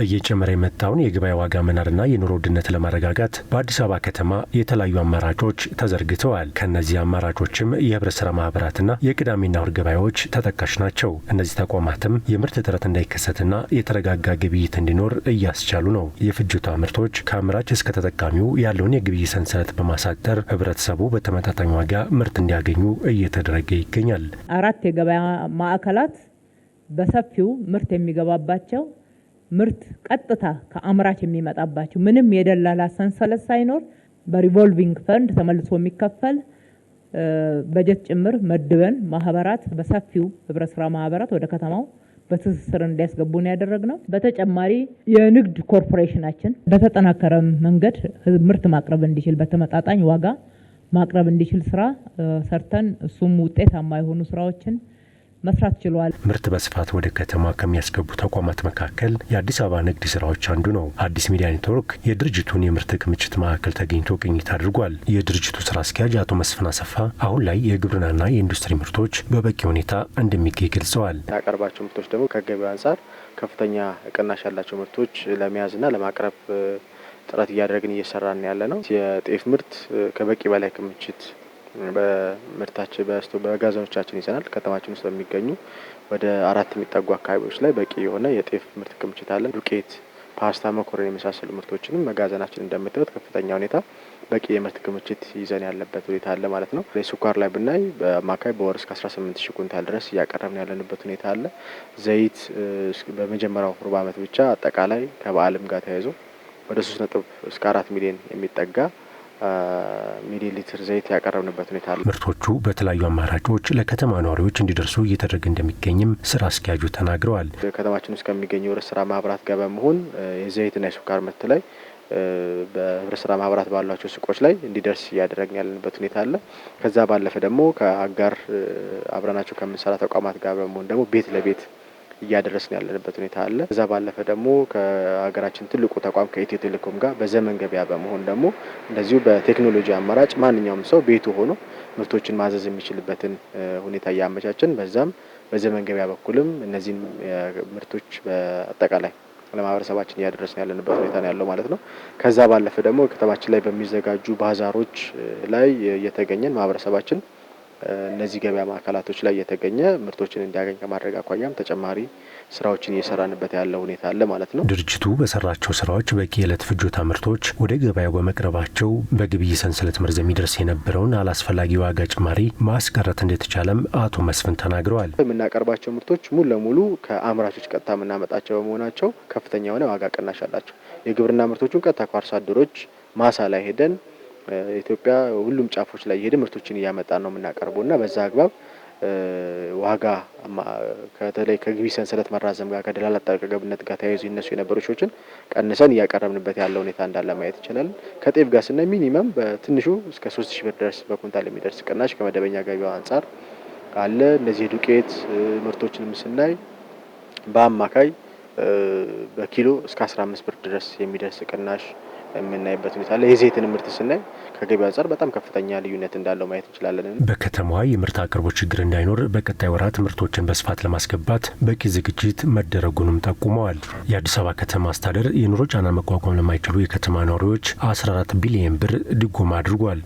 እየጨመረ የመጣውን የገበያ ዋጋ መናርና የኑሮ ውድነት ለማረጋጋት በአዲስ አበባ ከተማ የተለያዩ አማራጮች ተዘርግተዋል። ከእነዚህ አማራጮችም የህብረት ስራ ማህበራትና የቅዳሜና እሁድ ገበያዎች ተጠቃሽ ናቸው። እነዚህ ተቋማትም የምርት እጥረት እንዳይከሰትና የተረጋጋ ግብይት እንዲኖር እያስቻሉ ነው። የፍጆታ ምርቶች ከአምራች እስከ ተጠቃሚው ያለውን የግብይት ሰንሰለት በማሳጠር ህብረተሰቡ በተመጣጣኝ ዋጋ ምርት እንዲያገኙ እየተደረገ ይገኛል። አራት የገበያ ማዕከላት በሰፊው ምርት የሚገባባቸው ምርት ቀጥታ ከአምራች የሚመጣባቸው ምንም የደላላ ሰንሰለት ሳይኖር በሪቮልቪንግ ፈንድ ተመልሶ የሚከፈል በጀት ጭምር መድበን ማህበራት በሰፊው ህብረስራ ስራ ማህበራት ወደ ከተማው በትስስር እንዲያስገቡ ነው በተጨማሪ የንግድ ኮርፖሬሽናችን በተጠናከረ መንገድ ምርት ማቅረብ እንዲችል በተመጣጣኝ ዋጋ ማቅረብ እንዲችል ስራ ሰርተን እሱም ውጤታማ የሆኑ ስራዎችን መስራት ችሏል። ምርት በስፋት ወደ ከተማ ከሚያስገቡ ተቋማት መካከል የአዲስ አበባ ንግድ ስራዎች አንዱ ነው። አዲስ ሚዲያ ኔትወርክ የድርጅቱን የምርት ክምችት ማዕከል ተገኝቶ ቅኝት አድርጓል። የድርጅቱ ስራ አስኪያጅ አቶ መስፍን አሰፋ አሁን ላይ የግብርናና የኢንዱስትሪ ምርቶች በበቂ ሁኔታ እንደሚገኝ ገልጸዋል። ያቀርባቸው ምርቶች ደግሞ ከገበያ አንጻር ከፍተኛ ቅናሽ ያላቸው ምርቶች ለመያዝና ለማቅረብ ጥረት እያደረግን እየሰራን ያለ ነው። የጤፍ ምርት ከበቂ በላይ ክምችት በምርታችን በስቶ በመጋዘኖቻችን ይዘናል። ከተማችን ውስጥ በሚገኙ ወደ አራት የሚጠጉ አካባቢዎች ላይ በቂ የሆነ የጤፍ ምርት ክምችት አለን። ዱቄት፣ ፓስታ፣ መኮረን የመሳሰሉ ምርቶችንም መጋዘናችን እንደምታዩት ከፍተኛ ሁኔታ በቂ የምርት ክምችት ይዘን ያለበት ሁኔታ አለ ማለት ነው። ስኳር ላይ ብናይ በአማካይ በወር እስከ 18 ሺ ኩንታል ድረስ እያቀረብን ያለንበት ሁኔታ አለ። ዘይት በመጀመሪያው ሩብ ዓመት ብቻ አጠቃላይ ከበዓልም ጋር ተያይዞ ወደ ሶስት ነጥብ እስከ አራት ሚሊዮን የሚጠጋ ሚሊ ሊትር ዘይት ያቀረብንበት ሁኔታ አለ። ምርቶቹ በተለያዩ አማራጮች ለከተማ ነዋሪዎች እንዲደርሱ እየተደረገ እንደሚገኝም ስራ አስኪያጁ ተናግረዋል። ከተማችን ውስጥ ከሚገኙ ህብረት ስራ ማህበራት ጋር በመሆን የዘይትና የሱካር ምርት ላይ በህብረት ስራ ማህበራት ባሏቸው ሱቆች ላይ እንዲደርስ እያደረግን ያለንበት ሁኔታ አለ። ከዛ ባለፈ ደግሞ ከአጋር አብረናቸው ከምንሰራ ተቋማት ጋር በመሆን ደግሞ ቤት ለቤት እያደረስን ያለንበት ሁኔታ አለ። እዛ ባለፈ ደግሞ ከሀገራችን ትልቁ ተቋም ከኢትዮ ቴሌኮም ጋር በዘመን ገበያ በመሆን ደግሞ እንደዚሁ በቴክኖሎጂ አማራጭ ማንኛውም ሰው ቤቱ ሆኖ ምርቶችን ማዘዝ የሚችልበትን ሁኔታ እያመቻችን በዛም በዘመን ገበያ በኩልም እነዚህን ምርቶች በአጠቃላይ ለማህበረሰባችን እያደረስን ያለንበት ሁኔታ ነው ያለው ማለት ነው። ከዛ ባለፈ ደግሞ ከተማችን ላይ በሚዘጋጁ ባዛሮች ላይ እየተገኘን ማህበረሰባችን እነዚህ ገበያ ማዕከላቶች ላይ የተገኘ ምርቶችን እንዲያገኝ ከማድረግ አኳያም ተጨማሪ ስራዎችን እየሰራንበት ያለ ሁኔታ አለ ማለት ነው። ድርጅቱ በሰራቸው ስራዎች በቂ የዕለት ፍጆታ ምርቶች ወደ ገበያው በመቅረባቸው በግብይ ሰንሰለት መርዝ የሚደርስ የነበረውን አላስፈላጊ ዋጋ ጭማሪ ማስቀረት እንደተቻለም አቶ መስፍን ተናግረዋል። የምናቀርባቸው ምርቶች ሙሉ ለሙሉ ከአምራቾች ቀጥታ የምናመጣቸው በመሆናቸው ከፍተኛ የሆነ ዋጋ ቅናሽ አላቸው። የግብርና ምርቶቹን ቀጥታ ከአርሶ አደሮች ማሳ ላይ ሄደን ኢትዮጵያ ሁሉም ጫፎች ላይ የሄደ ምርቶችን እያመጣ ነው የምናቀርበው እና በዛ አግባብ ዋጋ ከተለይ ከግቢ ሰንሰለት መራዘም ጋር ከደላላ ጣልቃ ገብነት ጋር ተያይዞ ይነሱ የነበሩ ሾችን ቀንሰን እያቀረብንበት ያለ ሁኔታ እንዳለ ማየት ይችላል። ከጤፍ ጋር ስናይ ሚኒመም በትንሹ እስከ ሶስት ሺህ ብር ድረስ በኩንታል የሚደርስ ቅናሽ ከመደበኛ ገቢያው አንጻር አለ። እነዚህ የዱቄት ምርቶችንም ስናይ በአማካይ በኪሎ እስከ አስራ አምስት ብር ድረስ የሚደርስ ቅናሽ የምናይበት ሁኔታ አለ። የዘይትን ምርት ስናይ ከገበያ አንጻር በጣም ከፍተኛ ልዩነት እንዳለው ማየት እንችላለን። በከተማዋ የምርት አቅርቦት ችግር እንዳይኖር በቀጣይ ወራት ምርቶችን በስፋት ለማስገባት በቂ ዝግጅት መደረጉንም ጠቁመዋል። የአዲስ አበባ ከተማ አስተዳደር የኑሮ ጫና መቋቋም ለማይችሉ የከተማ ነዋሪዎች 14 ቢሊየን ብር ድጎማ አድርጓል።